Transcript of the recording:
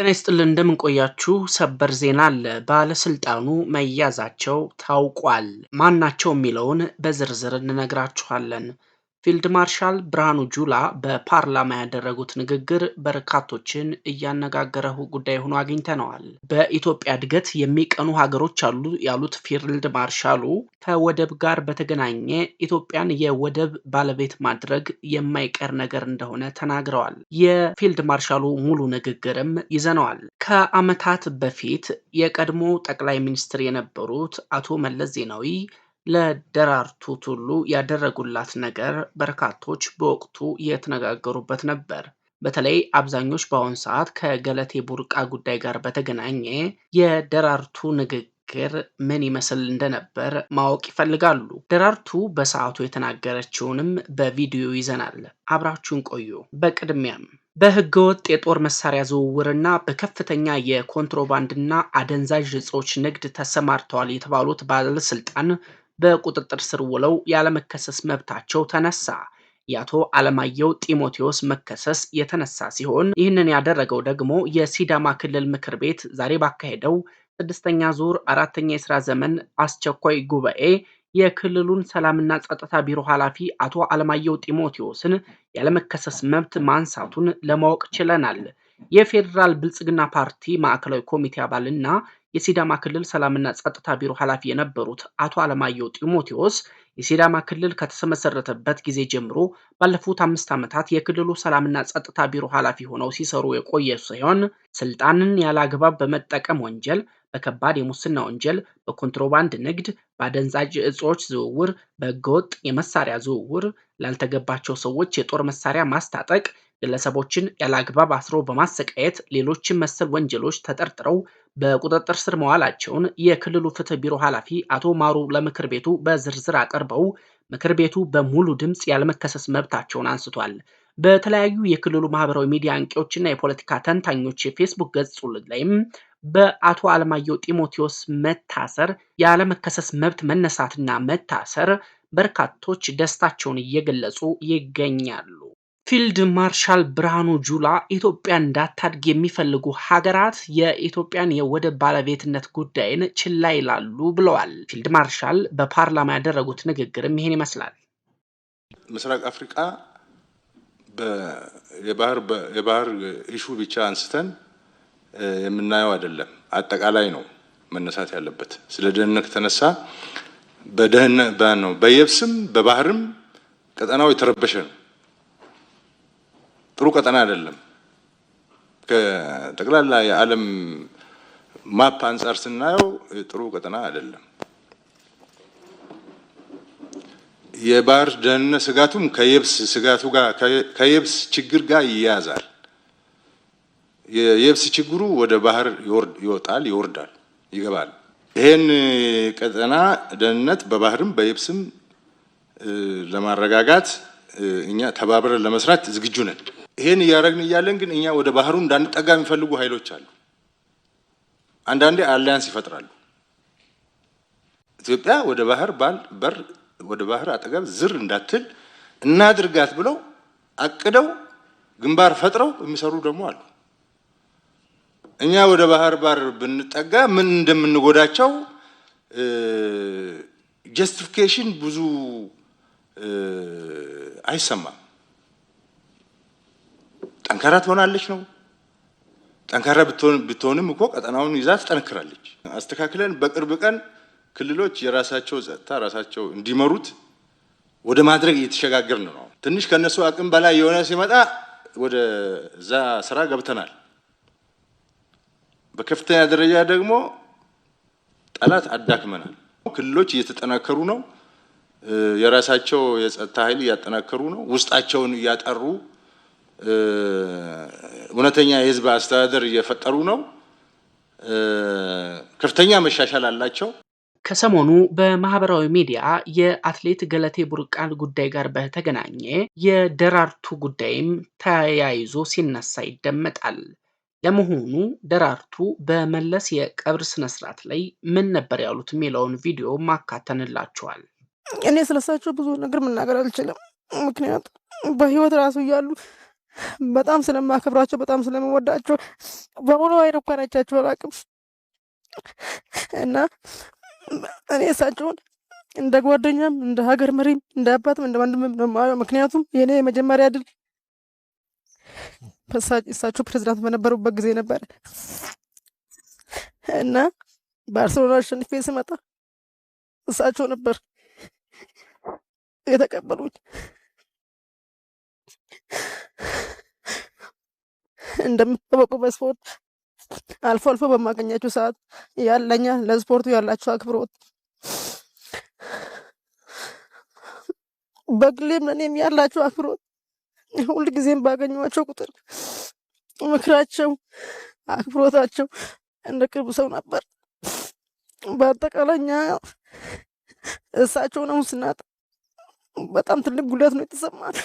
ጤና ይስጥልን እንደምንቆያችሁ ሰበር ዜና አለ። ባለስልጣኑ መያዛቸው ታውቋል። ማናቸው የሚለውን በዝርዝር እንነግራችኋለን። ፊልድ ማርሻል ብርሃኑ ጁላ በፓርላማ ያደረጉት ንግግር በርካቶችን እያነጋገረው ጉዳይ ሆኖ አግኝተነዋል። በኢትዮጵያ እድገት የሚቀኑ ሀገሮች አሉ ያሉት ፊልድ ማርሻሉ ከወደብ ጋር በተገናኘ ኢትዮጵያን የወደብ ባለቤት ማድረግ የማይቀር ነገር እንደሆነ ተናግረዋል። የፊልድ ማርሻሉ ሙሉ ንግግርም ይዘነዋል። ከዓመታት በፊት የቀድሞ ጠቅላይ ሚኒስትር የነበሩት አቶ መለስ ዜናዊ ለደራርቱ ቱሉ ያደረጉላት ነገር በርካቶች በወቅቱ የተነጋገሩበት ነበር። በተለይ አብዛኞች በአሁን ሰዓት ከገለቴ ቡርቃ ጉዳይ ጋር በተገናኘ የደራርቱ ንግግር ምን ይመስል እንደነበር ማወቅ ይፈልጋሉ። ደራርቱ በሰዓቱ የተናገረችውንም በቪዲዮ ይዘናል። አብራችሁን ቆዩ። በቅድሚያም በህገወጥ የጦር መሳሪያ ዝውውርና በከፍተኛ የኮንትሮባንድና አደንዛዥ እጾች ንግድ ተሰማርተዋል የተባሉት ባለስልጣን በቁጥጥር ስር ውለው ያለመከሰስ መብታቸው ተነሳ። የአቶ አለማየሁ ጢሞቴዎስ መከሰስ የተነሳ ሲሆን ይህንን ያደረገው ደግሞ የሲዳማ ክልል ምክር ቤት ዛሬ ባካሄደው ስድስተኛ ዙር አራተኛ የስራ ዘመን አስቸኳይ ጉባኤ የክልሉን ሰላምና ጸጥታ ቢሮ ኃላፊ አቶ አለማየሁ ጢሞቴዎስን ያለመከሰስ መብት ማንሳቱን ለማወቅ ችለናል። የፌዴራል ብልጽግና ፓርቲ ማዕከላዊ ኮሚቴ አባል እና የሲዳማ ክልል ሰላምና ጸጥታ ቢሮ ኃላፊ የነበሩት አቶ አለማየሁ ጢሞቴዎስ የሲዳማ ክልል ከተመሰረተበት ጊዜ ጀምሮ ባለፉት አምስት ዓመታት የክልሉ ሰላምና ጸጥታ ቢሮ ኃላፊ ሆነው ሲሰሩ የቆየ ሲሆን ስልጣንን ያለ አግባብ በመጠቀም ወንጀል በከባድ የሙስና ወንጀል፣ በኮንትሮባንድ ንግድ፣ በአደንዛዥ እጾች ዝውውር፣ በህገወጥ የመሳሪያ ዝውውር፣ ላልተገባቸው ሰዎች የጦር መሳሪያ ማስታጠቅ ግለሰቦችን ያለአግባብ አስሮ በማሰቃየት ሌሎችን መሰል ወንጀሎች ተጠርጥረው በቁጥጥር ስር መዋላቸውን የክልሉ ፍትህ ቢሮ ኃላፊ አቶ ማሩ ለምክር ቤቱ በዝርዝር አቅርበው ምክር ቤቱ በሙሉ ድምፅ ያለመከሰስ መብታቸውን አንስቷል። በተለያዩ የክልሉ ማህበራዊ ሚዲያ አንቂዎችና የፖለቲካ ተንታኞች የፌስቡክ ገጹ ላይም በአቶ አለማየሁ ጢሞቴዎስ መታሰር ያለመከሰስ መብት መነሳትና መታሰር በርካቶች ደስታቸውን እየገለጹ ይገኛሉ። ፊልድ ማርሻል ብርሃኑ ጁላ ኢትዮጵያ እንዳታድግ የሚፈልጉ ሀገራት የኢትዮጵያን የወደብ ባለቤትነት ጉዳይን ችላ ይላሉ ብለዋል። ፊልድ ማርሻል በፓርላማ ያደረጉት ንግግርም ይሄን ይመስላል። ምስራቅ አፍሪቃ የባህር ኢሹ ብቻ አንስተን የምናየው አይደለም፣ አጠቃላይ ነው መነሳት ያለበት። ስለ ደህንነት ከተነሳ በደህንነት ነው በየብስም በባህርም ቀጠናው የተረበሸ ነው። ጥሩ ቀጠና አይደለም። ከጠቅላላ የዓለም ማፕ አንጻር ስናየው ጥሩ ቀጠና አይደለም። የባህር ደህንነት ስጋቱም ከየብስ ስጋቱ ጋር ከየብስ ችግር ጋር ይያያዛል። የየብስ ችግሩ ወደ ባህር ይወጣል፣ ይወርዳል፣ ይገባል። ይሄን ቀጠና ደህንነት በባህርም በየብስም ለማረጋጋት እኛ ተባብረን ለመስራት ዝግጁ ነን። ይሄን እያደረግን እያለን ግን እኛ ወደ ባህሩ እንዳንጠጋ የሚፈልጉ ኃይሎች አሉ። አንዳንዴ አሊያንስ ይፈጥራሉ። ኢትዮጵያ ወደ ባህር በር ወደ ባህር አጠገብ ዝር እንዳትል እናድርጋት ብለው አቅደው ግንባር ፈጥረው የሚሰሩ ደግሞ አሉ። እኛ ወደ ባህር ባር ብንጠጋ ምን እንደምንጎዳቸው ጀስቲፊኬሽን ብዙ አይሰማም። ጠንካራ ትሆናለች ነው። ጠንካራ ብትሆንም እኮ ቀጠናውን ይዛ ትጠነክራለች። አስተካክለን በቅርብ ቀን ክልሎች የራሳቸው ጸጥታ ራሳቸው እንዲመሩት ወደ ማድረግ እየተሸጋገር ነው። ትንሽ ከእነሱ አቅም በላይ የሆነ ሲመጣ ወደ እዛ ስራ ገብተናል። በከፍተኛ ደረጃ ደግሞ ጠላት አዳክመናል። ክልሎች እየተጠናከሩ ነው። የራሳቸው የጸጥታ ኃይል እያጠናከሩ ነው። ውስጣቸውን እያጠሩ እውነተኛ የህዝብ አስተዳደር እየፈጠሩ ነው። ከፍተኛ መሻሻል አላቸው። ከሰሞኑ በማህበራዊ ሚዲያ የአትሌት ገለቴ ቡርቃን ጉዳይ ጋር በተገናኘ የደራርቱ ጉዳይም ተያይዞ ሲነሳ ይደመጣል። ለመሆኑ ደራርቱ በመለስ የቀብር ስነስርዓት ላይ ምን ነበር ያሉት የሚለውን ቪዲዮ ማካተንላቸዋል። እኔ ስለሳቸው ብዙ ነገር መናገር አልችልም። ምክንያት በህይወት ራሱ እያሉ በጣም ስለማከብራቸው በጣም ስለምወዳቸው በሙሉ አይን እንኳን አይቻቸው አላቅም እና እኔ እሳቸውን እንደ ጓደኛም እንደ ሀገር መሪም እንደ አባትም እንደ ወንድምም ምክንያቱም የኔ የመጀመሪያ ድል እሳቸው ፕሬዚዳንት በነበሩበት ጊዜ ነበረ እና ባርሴሎና አሸንፌ ስመጣ እሳቸው ነበር የተቀበሉኝ። እንደምታወቁ በስፖርት አልፎ አልፎ በማገኛችሁ ሰዓት ያለኛ ለስፖርቱ ያላችሁ አክብሮት በግሌም ለእኔም ያላችሁ አክብሮት ጊዜም ባገኘኋቸው ቁጥር ምክራቸው፣ አክብሮታቸው እንደ ቅርብ ሰው ነበር። በአጠቃላኛ እሳቸው ነው አሁን ስናጣ በጣም ትልቅ ጉዳት ነው የተሰማል።